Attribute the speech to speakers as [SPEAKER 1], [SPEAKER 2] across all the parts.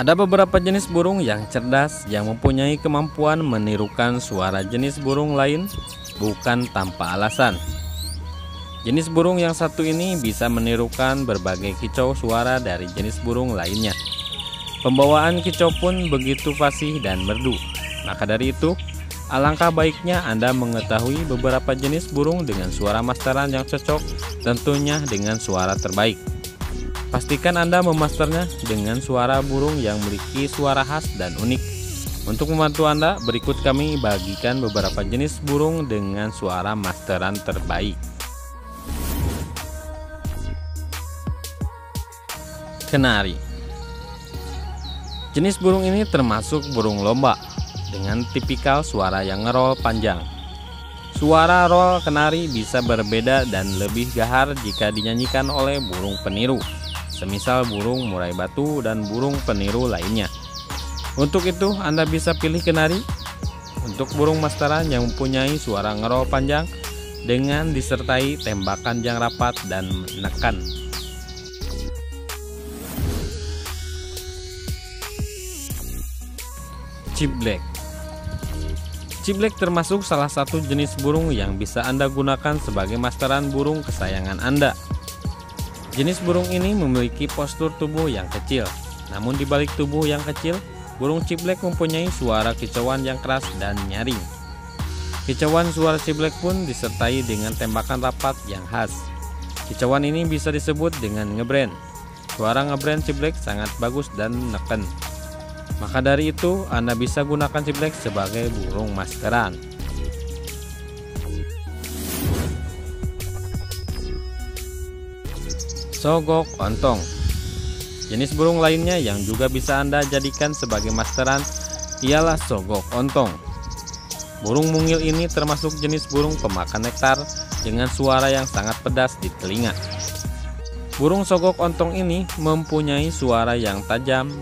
[SPEAKER 1] Ada beberapa jenis burung yang cerdas yang mempunyai kemampuan menirukan suara jenis burung lain bukan tanpa alasan. Jenis burung yang satu ini bisa menirukan berbagai kicau suara dari jenis burung lainnya. Pembawaan kicau pun begitu fasih dan merdu. Maka dari itu, alangkah baiknya Anda mengetahui beberapa jenis burung dengan suara masteran yang cocok, tentunya dengan suara terbaik. Pastikan Anda memasternya dengan suara burung yang memiliki suara khas dan unik. Untuk membantu Anda, berikut kami bagikan beberapa jenis burung dengan suara masteran terbaik. Kenari Jenis burung ini termasuk burung lomba dengan tipikal suara yang ngerol panjang. Suara roll kenari bisa berbeda dan lebih gahar jika dinyanyikan oleh burung peniru semisal burung murai batu dan burung peniru lainnya. Untuk itu, Anda bisa pilih kenari. Untuk burung masteran yang mempunyai suara ngerol panjang dengan disertai tembakan yang rapat dan menekan. Ciblek Ciblek termasuk salah satu jenis burung yang bisa Anda gunakan sebagai masteran burung kesayangan Anda. Jenis burung ini memiliki postur tubuh yang kecil. Namun di balik tubuh yang kecil, burung ciblek mempunyai suara kicauan yang keras dan nyaring. Kicauan suara ciblek pun disertai dengan tembakan rapat yang khas. Kicauan ini bisa disebut dengan ngebrand. Suara ngebrand ciblek sangat bagus dan neken. Maka dari itu, Anda bisa gunakan ciblek sebagai burung maskeran. sogok ontong. Jenis burung lainnya yang juga bisa Anda jadikan sebagai masteran ialah sogok ontong. Burung mungil ini termasuk jenis burung pemakan nektar dengan suara yang sangat pedas di telinga. Burung sogok ontong ini mempunyai suara yang tajam,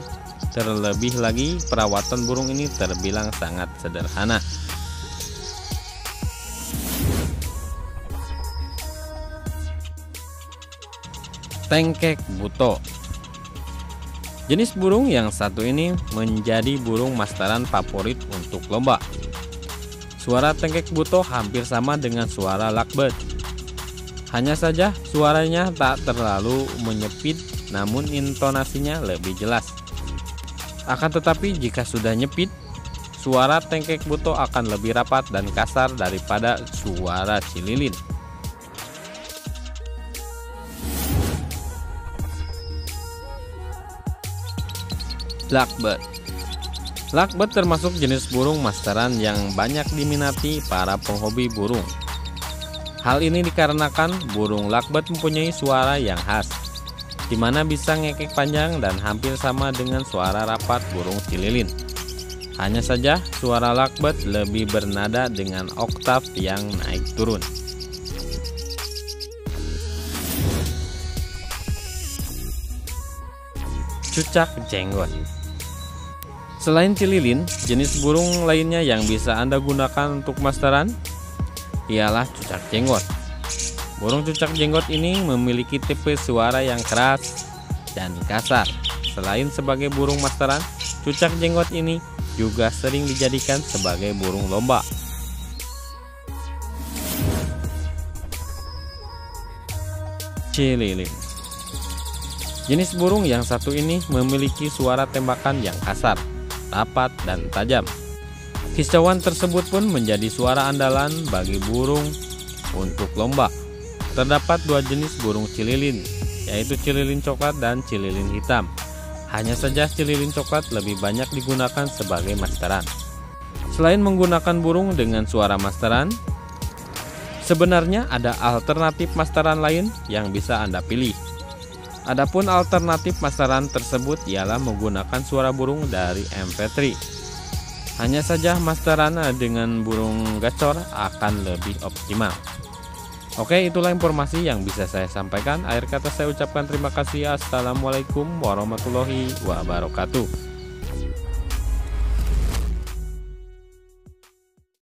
[SPEAKER 1] terlebih lagi perawatan burung ini terbilang sangat sederhana. tengkek buto. Jenis burung yang satu ini menjadi burung masteran favorit untuk lomba. Suara tengkek buto hampir sama dengan suara lakbet. Hanya saja suaranya tak terlalu menyepit namun intonasinya lebih jelas. Akan tetapi jika sudah nyepit, suara tengkek buto akan lebih rapat dan kasar daripada suara cililin. Blackbird Blackbird termasuk jenis burung masteran yang banyak diminati para penghobi burung. Hal ini dikarenakan burung blackbird mempunyai suara yang khas, di mana bisa ngekek panjang dan hampir sama dengan suara rapat burung cililin. Hanya saja suara lakbet lebih bernada dengan oktav yang naik turun. Cucak jenggot Selain cililin, jenis burung lainnya yang bisa Anda gunakan untuk masteran ialah cucak jenggot. Burung cucak jenggot ini memiliki tipe suara yang keras dan kasar. Selain sebagai burung masteran, cucak jenggot ini juga sering dijadikan sebagai burung lomba. Cililin Jenis burung yang satu ini memiliki suara tembakan yang kasar rapat, dan tajam. Kicauan tersebut pun menjadi suara andalan bagi burung untuk lomba. Terdapat dua jenis burung cililin, yaitu cililin coklat dan cililin hitam. Hanya saja cililin coklat lebih banyak digunakan sebagai masteran. Selain menggunakan burung dengan suara masteran, sebenarnya ada alternatif masteran lain yang bisa Anda pilih. Adapun alternatif pasaran tersebut ialah menggunakan suara burung dari MP3. Hanya saja masteran dengan burung gacor akan lebih optimal. Oke, itulah informasi yang bisa saya sampaikan. Akhir kata saya ucapkan terima kasih. Assalamualaikum warahmatullahi wabarakatuh.